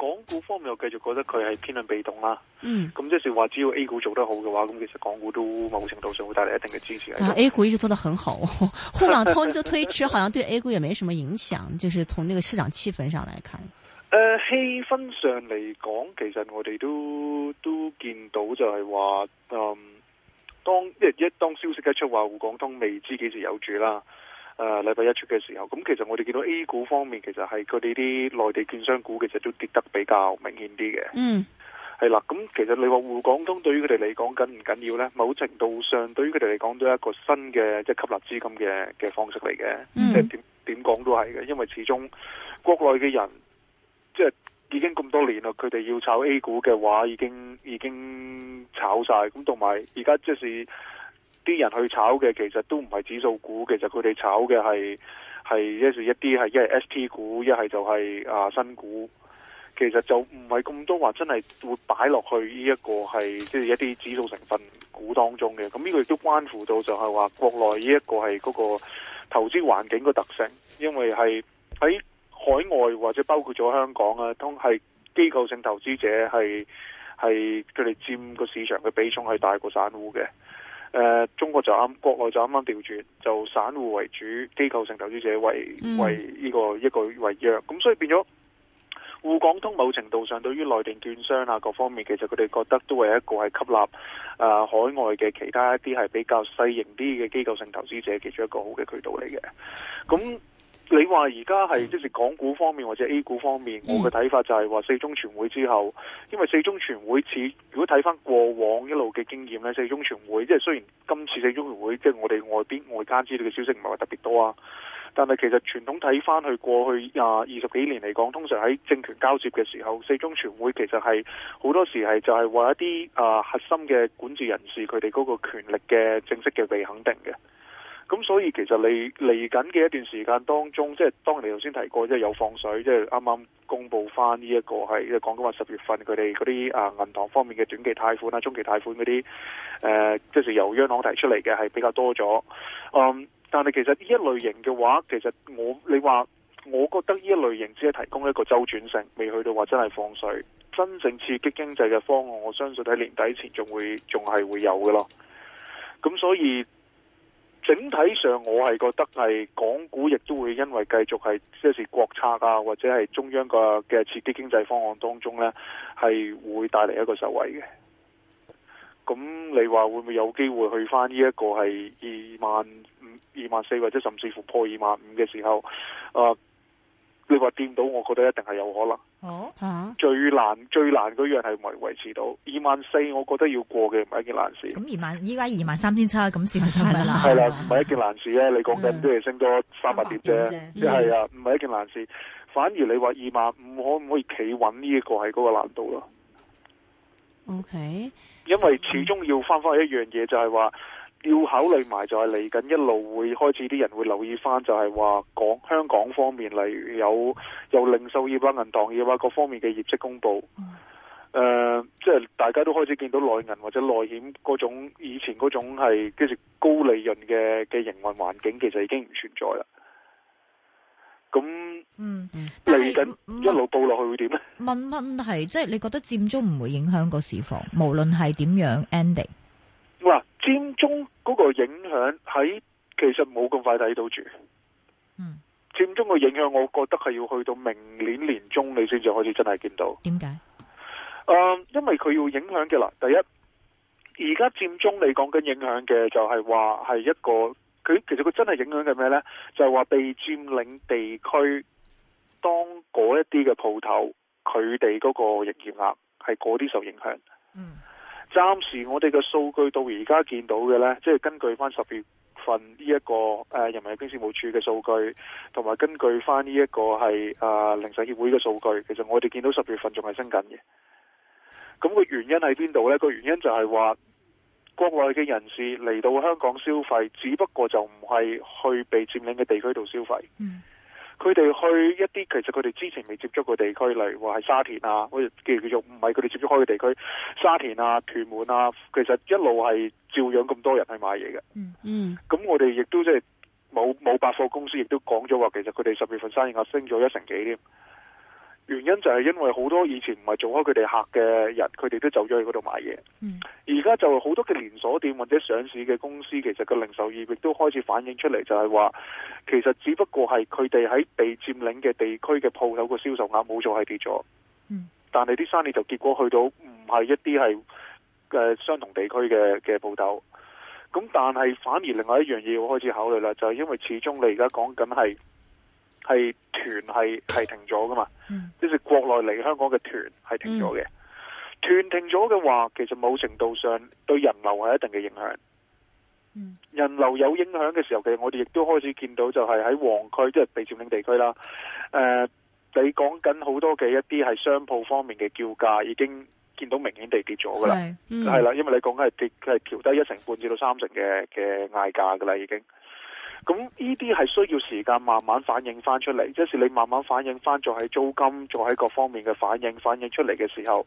港股方面又繼續覺得佢係偏向被動啦，咁、嗯、即係話只要 A 股做得好嘅話，咁其實港股都某程度上會帶嚟一定嘅支持。但係、啊、A 股一直做得很好，滬港通就推遲，好像對 A 股也沒什麼影響， 就是從那個市場氣氛上來看。誒、呃，氣氛上嚟講，其實我哋都都見到就係話、嗯，當一一當消息一出話，滬港通未知幾時有主啦。誒，禮拜、呃、一出嘅時候，咁其實我哋見到 A 股方面，其實係佢哋啲內地券商股其實都跌得比較明顯啲嘅。嗯，係啦，咁其實你話滬港通對於佢哋嚟講緊唔緊要呢？某程度上，對於佢哋嚟講，都係一個新嘅即係吸納資金嘅嘅方式嚟嘅。嗯、即係點點講都係嘅，因為始終國內嘅人，即係已經咁多年啦，佢哋要炒 A 股嘅話，已經已經炒晒。咁同埋而家即係。啲人去炒嘅，其實都唔係指數股，其實佢哋炒嘅係一,一係一啲係一係 S T 股，一係就係啊新股。其實就唔係咁多話真係會擺落去呢、就是、一個係即係一啲指數成分股當中嘅。咁呢個亦都關乎到就係話，國內呢一個係嗰個投資環境嘅特性，因為係喺海外或者包括咗香港啊，通係機構性投資者係係佢哋佔個市場嘅比重係大過散戶嘅。誒、呃，中國就啱，國內就啱啱調轉，就散戶為主，機構性投資者為、嗯、為呢、這個一、這個為弱，咁所以變咗滬港通某程度上對於內地券商啊各方面，其實佢哋覺得都係一個係吸納誒、呃、海外嘅其他一啲係比較細型啲嘅機構性投資者其中一個好嘅渠道嚟嘅，咁。你話而家係即是港股方面或者 A 股方面，我嘅睇法就係話四中全會之後，因為四中全會似，如果睇翻過往一路嘅經驗咧，四中全會即係雖然今次四中全會即係我哋外邊外間知道嘅消息唔係話特別多啊，但係其實傳統睇翻去過去啊二十幾年嚟講，通常喺政權交接嘅時候，四中全會其實係好多時係就係話一啲啊核心嘅管治人士佢哋嗰個權力嘅正式嘅被肯定嘅。咁所以其實嚟嚟緊嘅一段時間當中，即係當你頭先提過，即係有放水，即係啱啱公佈翻呢一個係，即係講緊話十月份佢哋嗰啲啊銀行方面嘅短期貸款啊、中期貸款嗰啲誒，即係由央行提出嚟嘅係比較多咗。嗯，但係其實呢一類型嘅話，其實我你話，我覺得呢一類型只係提供一個周轉性，未去到話真係放水，真正刺激經濟嘅方案，我相信喺年底前仲會仲係會有嘅咯。咁所以。整體上，我係覺得係港股亦都會因為繼續係即係國策啊，或者係中央嘅嘅刺激經濟方案當中呢，係會帶嚟一個受惠嘅。咁你話會唔會有機會去返呢一個係二萬五、二萬四，或者甚至乎破二萬五嘅時候？啊！你話掂到，我覺得一定係有可能。哦嚇，最難最難嗰樣係維持到二萬四，我覺得要過嘅唔係一件難事。咁二萬依家二萬三千七，咁事實上唔係啦。係啦，唔係一件難事嘅。你講緊都係升多三百點啫，一係啊，唔係 Yeah. 一件難事。反而你話二萬五可唔可以企穩呢一個係嗰個難度咯？OK，因為始終要翻翻去一樣嘢，就係話。要考慮埋就係嚟緊一路會開始啲人會留意翻，就係話講香港方面，例如有有零售業啊、銀行業啊各方面嘅業績公布、呃。誒、嗯，即係大家都開始見到內銀或者內險嗰種以前嗰種係跟住高利潤嘅嘅營運環境，其實已經唔存在啦。咁嗯嗯，嚟緊一路倒落去會點呢？問問題，即係你覺得佔中唔會影響個市況？無論係點樣 ending？佔中嗰個影響喺其實冇咁快睇到住。嗯，佔中個影響我覺得係要去到明年年中你先至開始真係見到。點解？嗯，因為佢要影響嘅啦，第一，而家佔中你講緊影響嘅就係話係一個，佢其實佢真係影響嘅咩呢？就係話被佔領地區當嗰一啲嘅鋪頭，佢哋嗰個營業額係嗰啲受影響。嗯。暫時我哋嘅數據到而家見到嘅呢，即係根據翻十月份呢一個誒人民幣經事務處嘅數據，同埋根據翻呢一個係啊零售協會嘅數據，其實我哋見到十月份仲係升緊嘅。咁個原因喺邊度呢？個原因就係話，國內嘅人士嚟到香港消費，只不過就唔係去被佔領嘅地區度消費。嗯佢哋去一啲其實佢哋之前未接觸過地區，例如話係沙田啊，好似叫做唔係佢哋接觸開嘅地區，沙田啊、屯門啊，其實一路係照樣咁多人去買嘢嘅。嗯嗯、mm，咁、hmm. 我哋亦都即係冇冇百貨公司，亦都講咗話，其實佢哋十月份生意額升咗一成幾添。原因就係因為好多以前唔係做開佢哋客嘅人，佢哋都走咗去嗰度買嘢。而家、嗯、就好多嘅連鎖店或者上市嘅公司，其實個零售業亦都開始反映出嚟，就係話其實只不過係佢哋喺被佔領嘅地區嘅鋪頭個銷售額冇做係跌咗。嗯、但係啲生意就結果去到唔係一啲係誒相同地區嘅嘅鋪頭，咁但係反而另外一樣嘢要開始考慮啦，就係、是、因為始終你而家講緊係。係團係係停咗噶嘛？即是國內嚟香港嘅團係停咗嘅，團停咗嘅話，其實某程度上對人流係一定嘅影響。人流有影響嘅時候，其實我哋亦都開始見到就是在，就係喺黃區即係被佔領地區啦。誒、呃，你講緊好多嘅一啲係商鋪方面嘅叫價，已經見到明顯地跌咗噶啦，係啦，嗯，因為你講緊係跌係調低一成半至到三成嘅嘅嗌價噶啦，已經。咁呢啲係需要時間慢慢反映翻出嚟，即，就是你慢慢反映翻，再喺租金，再喺各方面嘅反映反映出嚟嘅時候，誒、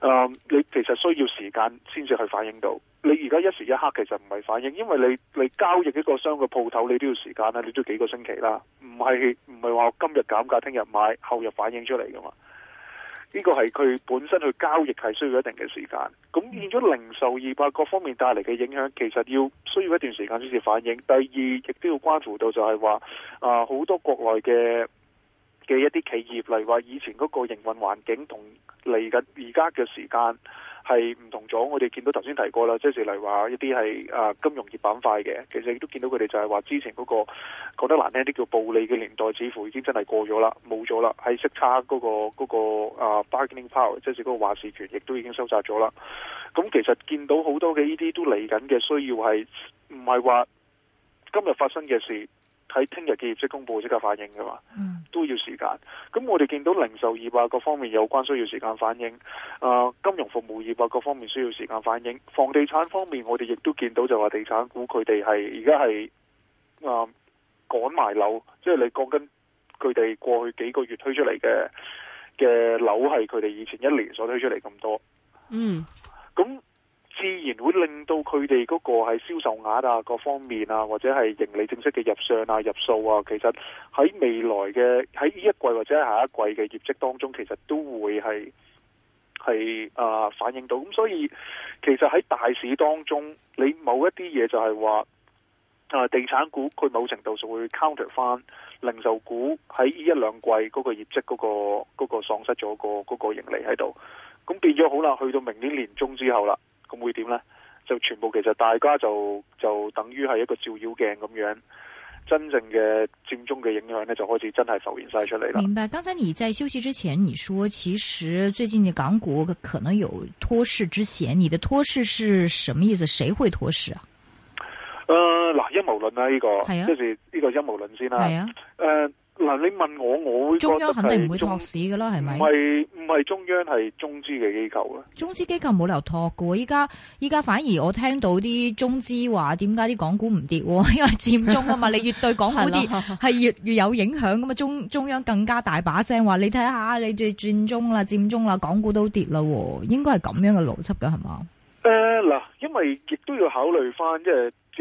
嗯，你其實需要時間先至去反映到。你而家一時一刻其實唔係反映，因為你你交易一個商嘅鋪頭，你都要時間啦，你都幾個星期啦，唔係唔係話今日減價，聽日買，後日反映出嚟噶嘛。呢個係佢本身去交易係需要一定嘅時間，咁變咗零售業或各方面帶嚟嘅影響，其實要需要一段時間先至反映。第二，亦都要關乎到就係話啊，好多國內嘅嘅一啲企業，例如話以前嗰個營運環境同嚟緊而家嘅時間。係唔同咗，我哋見到頭先提過啦，即係例如話一啲係啊金融業板塊嘅，其實亦都見到佢哋就係話之前嗰個講得難聽啲叫暴利嘅年代，似乎已經真係過咗啦，冇咗啦，喺色差嗰個嗰個啊 bargaining power，即係嗰個話事權，亦都已經收窄咗啦。咁其實見到好多嘅呢啲都嚟緊嘅，需要係唔係話今日發生嘅事。喺聽日嘅業績公佈即刻反應嘅嘛，都要時間。咁我哋見到零售業啊各方面有關需要時間反應，啊、呃、金融服務業啊各方面需要時間反應。房地產方面，我哋亦都見到就話地產股佢哋係而家係啊趕埋樓，即係你講緊佢哋過去幾個月推出嚟嘅嘅樓係佢哋以前一年所推出嚟咁多。嗯，咁。自然會令到佢哋嗰個係銷售額啊、各方面啊，或者係盈利正式嘅入上啊、入數啊，其實喺未來嘅喺呢一季或者下一季嘅業績當中，其實都會係係、啊、反映到。咁所以其實喺大市當中，你某一啲嘢就係話啊，地產股佢某程度上會 counter 翻零售股喺呢一兩季嗰個業績嗰個嗰個喪失咗個嗰個盈利喺度，咁變咗好啦，去到明年年中之後啦。咁會點呢？就全部其實大家就就等於係一個照妖鏡咁樣，真正嘅佔中嘅影響呢，就開始真係浮現晒出嚟啦。明白。剛才你在休息之前，你說其實最近嘅港股可能有托市之嫌，你的托市是什麼意思？誰會托市啊？誒、呃，嗱，陰謀論啦、啊，呢、這個，即是呢、啊，這個陰謀論先啦。係啊。誒、啊。呃嗱，你問我，我會中，中央肯定唔會託市嘅啦，係咪？唔係，唔係中央係中資嘅機構咧？中資機構冇理由託喎，依家，依家反而我聽到啲中資話點解啲港股唔跌喎？因為佔中啊嘛， 你越對港股跌係越越有影響咁嘛。中，中央更加大把聲話，你睇下你哋佔中啦，佔中啦，港股都跌啦，應該係咁樣嘅邏輯嘅係嘛？誒嗱、呃，因為亦都要考慮翻即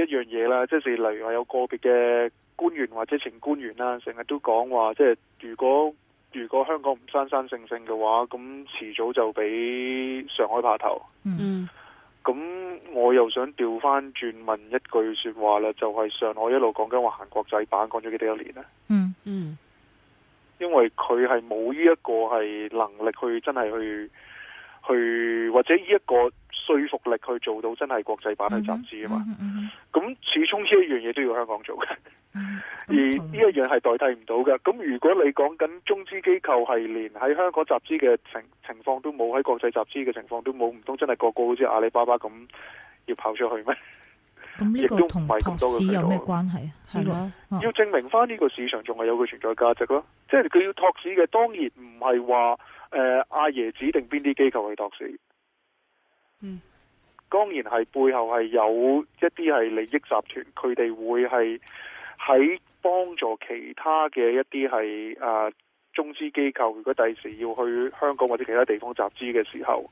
係一樣嘢啦，即係例如話有個別嘅官員或者前官員啦、啊，成日都講話，即係如果如果香港唔生生性性嘅話，咁遲早就俾上海爬頭。嗯，咁我又想調翻轉問一句說話啦，就係、是、上海一路講緊話行國際版，講咗幾多一年咧、嗯？嗯嗯，因為佢係冇呢一個係能力去真係去去或者呢一個說服力去做到真係國際版嘅雜誌啊嘛。咁、嗯嗯嗯、始終呢一樣嘢都要香港做嘅。嗯、而呢一樣係代替唔到嘅。咁、嗯、如果你講緊中資機構係連喺香港集資嘅情情況都冇，喺國際集資嘅情況都冇，唔通真係個個好似阿里巴巴咁要跑出去咩？咁呢個同托市有咩關係啊？係咯、嗯，嗯、要證明翻呢個市場仲係有佢存在價值咯。即係佢要托市嘅，當然唔係話誒阿爺指定邊啲機構去托市。嗯，當然係背後係有一啲係利益集團，佢哋會係。喺幫助其他嘅一啲係、啊、中資機構，如果第時要去香港或者其他地方集資嘅時候，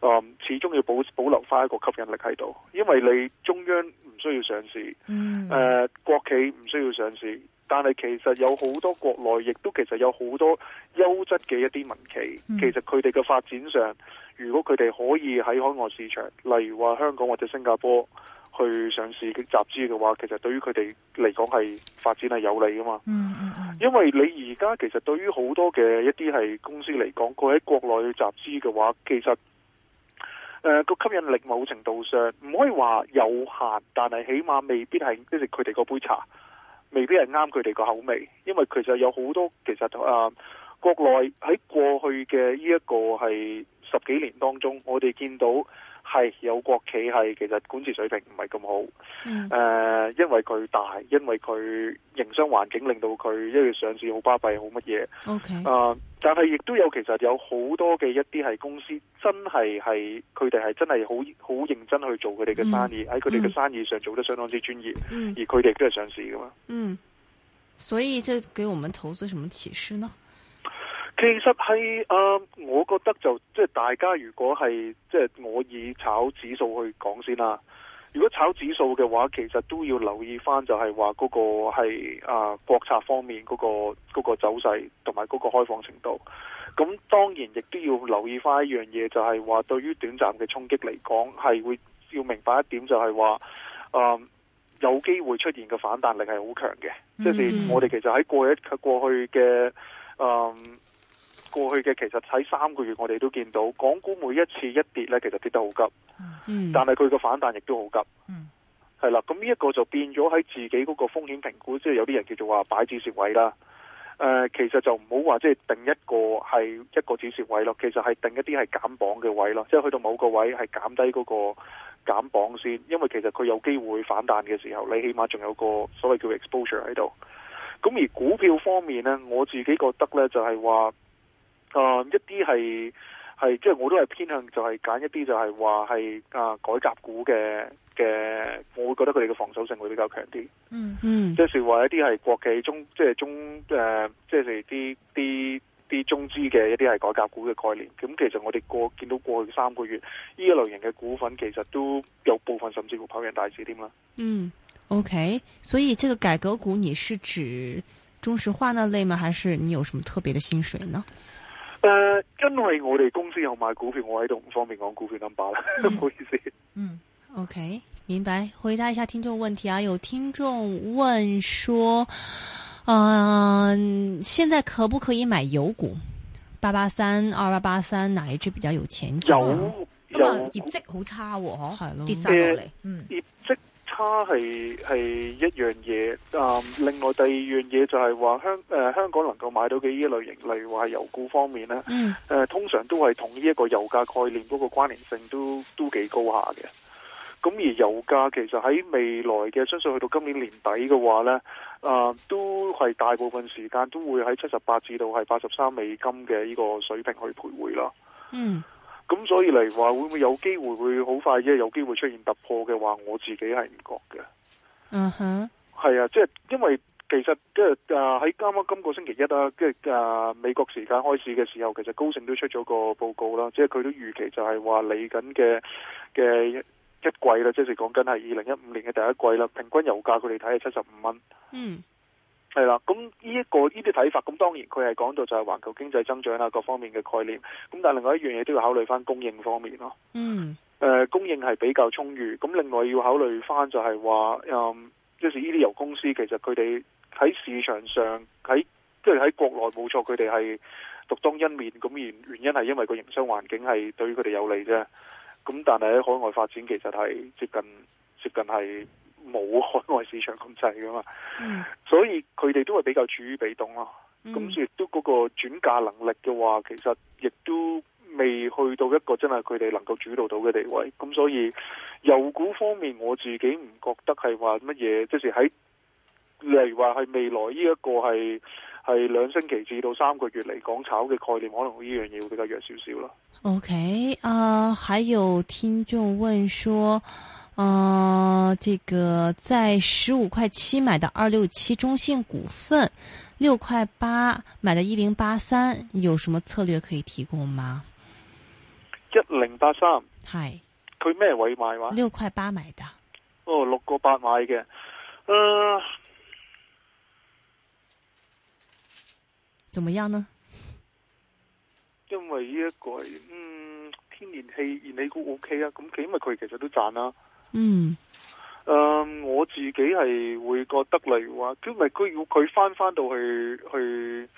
嗯、始終要保保留翻一個吸引力喺度，因為你中央唔需要上市，誒、啊、國企唔需要上市，但係其實有好多國內，亦都其實有好多優質嘅一啲民企，其實佢哋嘅發展上，如果佢哋可以喺海外市場，例如話香港或者新加坡。去上市去集資嘅話，其實對於佢哋嚟講係發展係有利噶嘛。嗯嗯嗯，因為你而家其實對於好多嘅一啲係公司嚟講，佢喺國內去集資嘅話，其實誒個、呃、吸引力某程度上唔可以話有限，但係起碼未必係，即係佢哋嗰杯茶，未必係啱佢哋個口味。因為其實有好多其實誒、呃、國內喺過去嘅呢一個係十幾年當中，我哋見到。係有國企係，其實管治水平唔係咁好。誒、嗯呃，因為佢大，因為佢營商環境令到佢一月上市好巴閉，好乜嘢？O K。但係亦都有，其實有好多嘅一啲係公司真係係，佢哋係真係好好認真去做佢哋嘅生意，喺佢哋嘅生意上做得相當之專業。嗯、而佢哋都係上市噶嘛。嗯，所以即係給我們投資什麼啟示呢？其實係啊，我覺得就即係大家如果係即係我以炒指數去講先啦。如果炒指數嘅話，其實都要留意翻就係話嗰個係啊國策方面嗰個嗰個走勢同埋嗰個開放程度。咁當然亦都要留意翻一樣嘢，就係話對於短暫嘅衝擊嚟講，係會要明白一點就係話，就係話啊有機會出現嘅反彈力係好強嘅。即、就係我哋其實喺過一過去嘅嗯。過去嘅其實喺三個月，我哋都見到港股每一次一跌咧，其實跌得好急。嗯，但係佢個反彈亦都好急。嗯，係啦，咁呢一個就變咗喺自己嗰個風險評估，即係有啲人叫做話擺止蝕位啦。誒、呃，其實就唔好話即係定一個係一個止蝕位咯，其實係定一啲係減磅嘅位咯，即係去到某個位係減低嗰個減磅先，因為其實佢有機會反彈嘅時候，你起碼仲有個所謂叫 exposure 喺度。咁而股票方面呢，我自己覺得呢就係話。啊、嗯，一啲係係即係我都係偏向就係揀一啲就係話係啊改革股嘅嘅，我會覺得佢哋嘅防守性會比較強啲。嗯嗯，即係話一啲係國企中即係中誒，即係啲啲啲中資嘅、呃、一啲係改革股嘅概念。咁其實我哋過見到過去三個月呢一類型嘅股份，其實都有部分甚至乎跑贏大市添啦。嗯，OK，所以這個改革股你是指中石化那類嗎？還是你有什麼特別的心水呢？誒、呃，因為我哋公司有買股票，我喺度唔方便講股票 number 啦，唔、嗯、好意思。嗯，OK，明白。回答一下聽眾問題啊，有聽眾問說，嗯、呃，現在可不可以買油股？八八三、二八八三，哪一支比較有前景？油咁啊，因為業績好差、啊，嗬，跌晒落嚟。嗯，業績。它係係一樣嘢，啊、呃，另外第二樣嘢就係話香誒香港能夠買到嘅呢類型，例如話係油股方面咧，誒、嗯呃，通常都係同呢一個油價概念嗰個關聯性都都幾高下嘅。咁而油價其實喺未來嘅，相信去到今年年底嘅話咧，啊、呃、都係大部分時間都會喺七十八至到係八十三美金嘅呢個水平去徘徊啦。嗯。咁所以嚟話會唔會有機會會好快？即係有機會出現突破嘅話，我自己係唔覺嘅。嗯哼、uh，係、huh. 啊，即係因為其實即係啊喺啱啱今個星期一啦，即係啊美國時間開始嘅時候，其實高盛都出咗個報告啦，即係佢都預期就係話嚟緊嘅嘅一季啦，即係講緊係二零一五年嘅第一季啦，平均油價佢哋睇係七十五蚊。嗯、uh。Huh. 係啦，咁呢一個呢啲睇法，咁當然佢係講到就係環球經濟增長啦，各方面嘅概念。咁但係另外一樣嘢都要考慮翻供應方面咯。嗯，誒、呃，供應係比較充裕。咁另外要考慮翻就係話，即係呢啲油公司，其實佢哋喺市場上，喺即係喺國內冇錯，佢哋係獨當一面。咁原原因係因為個營商環境係對於佢哋有利啫。咁但係喺海外發展，其實係接近接近係。冇海外市場咁滯噶嘛，嗯、所以佢哋都係比較處於被動咯，啊。咁亦、嗯、都嗰個轉嫁能力嘅話，其實亦都未去到一個真係佢哋能夠主導到嘅地位。咁所以油股方面，我自己唔覺得係話乜嘢，即、係喺例如話係未來呢一個係係兩星期至到三個月嚟講炒嘅概念，可能呢樣嘢會比較弱少少咯。OK，啊、uh,，還有聽眾問說。呃，uh, 這個在十五塊七買的二六七中信股份，六塊八買的，一零八三，有什麼策略可以提供嗎？一零八三，係，佢咩位買話？六塊八買的，哦，六個八買嘅，呃、uh,，怎麼樣呢？因為呢、這、一個，嗯，天然氣、燃氣股 OK 啊，咁佢因為佢其實都賺啦。嗯，誒，um, 我自己係會覺得例如話，佢咪佢要佢翻翻到去去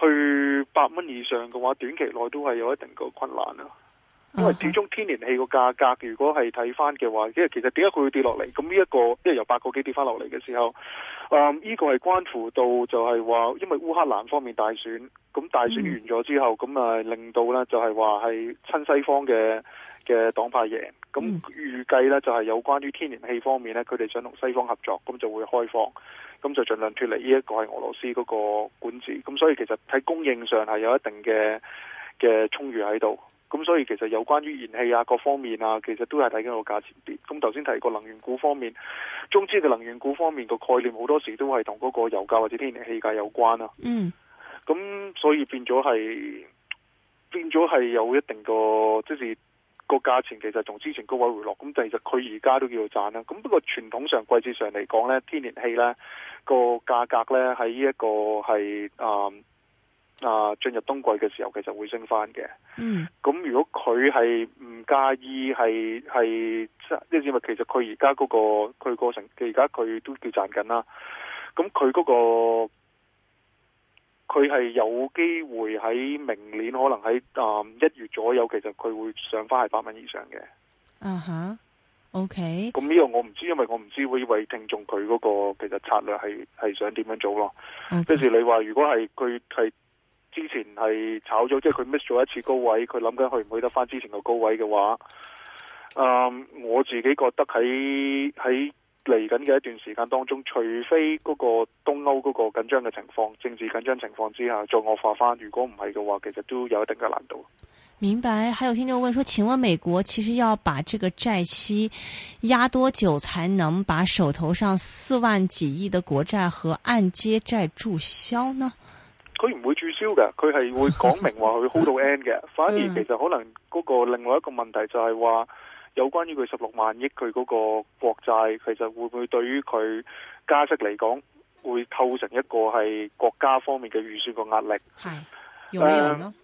去八蚊以上嘅話，短期內都係有一定個困難啊，因為、哦、始終天然氣個價格，如果係睇翻嘅話，即係其實點解佢會跌落嚟？咁呢一個，即係由八個幾跌翻落嚟嘅時候，誒、嗯、呢、這個係關乎到就係話，因為烏克蘭方面大選，咁大選完咗之後，咁啊、嗯、令到咧就係話係親西方嘅。嘅黨派贏，咁預計呢就係、是、有關於天然氣方面呢，佢哋想同西方合作，咁就會開放，咁就盡量脫離呢一個係俄羅斯嗰個管治。咁所以其實喺供應上係有一定嘅嘅充裕喺度，咁所以其實有關於燃氣啊各方面啊，其實都係睇緊個價錢跌。咁頭先提過能源股方面，中資嘅能源股方面個概念好多時都係同嗰個油價或者天然氣價有關啦，啊。嗯，咁所以變咗係變咗係有一定個即、就是。個價錢其實從之前高位回落，咁其實佢而家都叫賺啦。咁不過傳統上季節上嚟講咧，天然氣咧個價格咧喺呢一個係啊啊進入冬季嘅時候，其實會升翻嘅。嗯，咁如果佢係唔介意，係係即係因為其實佢而家嗰個佢個成，佢而家佢都叫賺緊啦。咁佢嗰個。佢係有機會喺明年可能喺啊、嗯、一月左右，其實佢會上翻係百蚊以上嘅。啊哈、uh huh.，OK。咁呢個我唔知，因為我唔知會為聽眾佢嗰個其實策略係係想點樣做咯。即時你話如果係佢係之前係炒咗，即係佢 miss 咗一次高位，佢諗緊去唔去得翻之前個高位嘅話，啊、嗯，我自己覺得喺喺。嚟緊嘅一段時間當中，除非嗰個東歐嗰個緊張嘅情況、政治緊張情況之下再惡化翻，如果唔係嘅話，其實都有一定嘅難度。明白，還有聽眾問說：請問美國其實要把這個債息壓多久，才能把手頭上四萬幾億的國債和按揭債，債注銷呢？佢唔會注銷嘅，佢係會講明話佢 hold 到 end 嘅。 嗯、反而其實可能嗰個另外一個問題就係話。有關於佢十六萬億佢嗰個國債，其實會唔會對於佢加息嚟講，會構成一個係國家方面嘅預算個壓力？係，有、呃、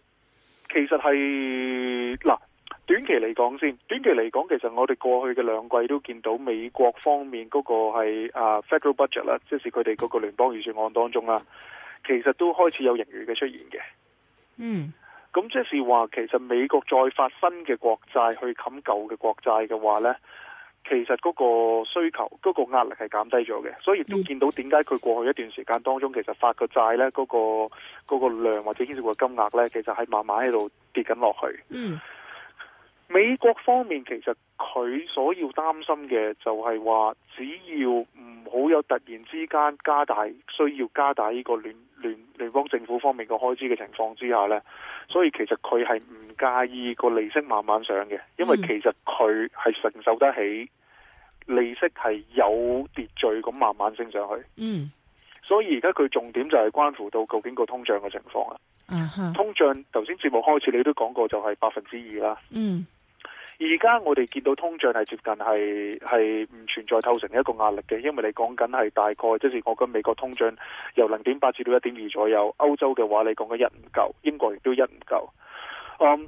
其實係嗱，短期嚟講先，短期嚟講，其實我哋過去嘅兩季都見到美國方面嗰個係啊 Federal Budget 啦，即是佢哋嗰個聯邦預算案當中啦，其實都開始有盈餘嘅出現嘅。嗯。咁即是話，其實美國再發新嘅國債去冚舊嘅國債嘅話呢，其實嗰個需求、嗰個壓力係減低咗嘅，所以亦都見到點解佢過去一段時間當中，其實發嘅債呢、嗰個、嗰個量或者牽涉個金額呢，其實係慢慢喺度跌緊落去。嗯美國方面，其實佢所要擔心嘅就係話，只要唔好有突然之間加大需要加大呢個聯聯聯邦政府方面個開支嘅情況之下呢，所以其實佢係唔介意個利息慢慢上嘅，因為其實佢係承受得起利息係有秩序咁慢慢升上去。嗯，所以而家佢重點就係關乎到究竟個通脹嘅情況啦。通脹頭先節目開始你都講過就係百分之二啦。嗯。而家我哋見到通脹係接近係係唔存在透成一個壓力嘅，因為你講緊係大概，即、就是我講美國通脹由零點八至到一點二左右。歐洲嘅話，你講緊一唔夠，英國亦都一唔夠。嗯，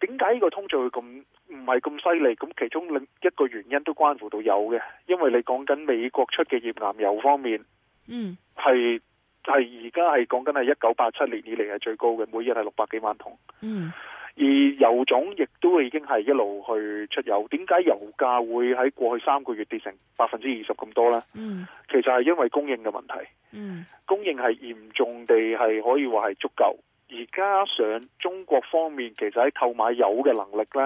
點解呢個通脹會咁唔係咁犀利？咁其中另一個原因，都關乎到有嘅，因為你講緊美國出嘅頁岩油方面，嗯，係係而家係講緊係一九八七年以嚟係最高嘅，每日係六百幾萬桶，嗯。而油種亦都已經係一路去出油，點解油價會喺過去三個月跌成百分之二十咁多呢？嗯，mm。其實係因為供應嘅問題。嗯，供應係嚴重地係可以話係足夠，而加上中國方面其實喺購買油嘅能力呢，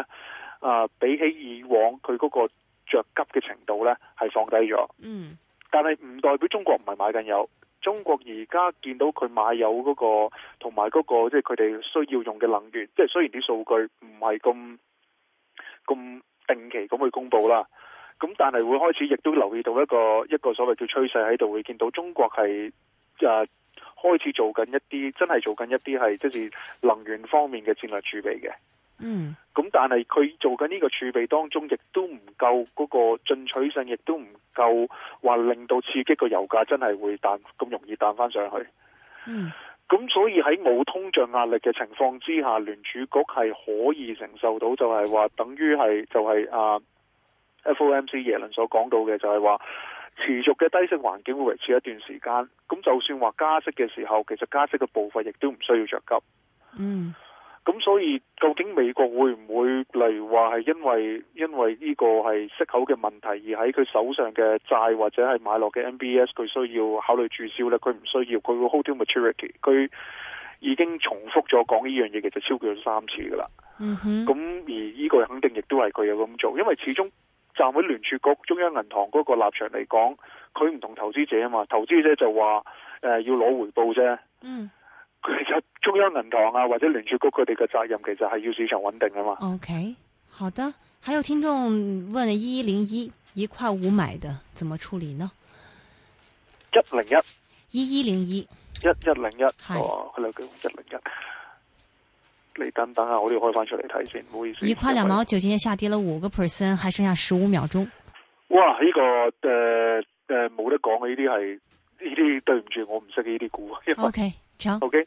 啊、呃，比起以往佢嗰個着急嘅程度呢，係放低咗。嗯，但係唔代表中國唔係買緊油。中國而家見到佢買有嗰個，同埋嗰個即係佢哋需要用嘅能源。即係雖然啲數據唔係咁咁定期咁去公布啦，咁但係會開始亦都留意到一個一個所謂叫趨勢喺度，會見到中國係啊開始做緊一啲真係做緊一啲係即係能源方面嘅戰略儲備嘅。嗯，咁但係佢做緊呢個儲備當中，亦都唔夠嗰個進取性，亦都唔夠話令到刺激個油價真係會彈咁容易彈翻上去。嗯，咁所以喺冇通脹壓力嘅情況之下，聯儲局係可以承受到，就係話等於係就係啊，FOMC 耶倫所講到嘅，就係話持續嘅低息環境會維持一段時間。咁就算話加息嘅時候，其實加息嘅部分亦都唔需要着急。嗯。咁所以究竟美國會唔會，例如話係因為因為呢個係息口嘅問題而喺佢手上嘅債或者係買落嘅 MBS 佢需要考慮註銷咧？佢唔需要，佢會 hold to maturity。佢已經重複咗講呢樣嘢其實超過咗三次噶啦。嗯哼。咁而呢個肯定亦都係佢有咁做，因為始終站喺聯儲局中央銀行嗰個立場嚟講，佢唔同投資者啊嘛。投資者就話誒要攞回報啫。嗯。佢就。中央銀行啊，或者聯儲局佢哋嘅責任，其實係要市場穩定啊嘛。OK，好的。還有聽眾問：一一零一一塊五買的，怎麼處理呢？一零一，一零一，一零一，係佢兩句一零一。你等等啊，我都要開翻出嚟睇先，唔好意思。一塊兩毛九，今天下跌了五個 percent，還剩下十五秒鐘。哇，呢個誒誒冇得講嘅，呢啲係呢啲對唔住，我唔識呢啲股。OK，好成 OK。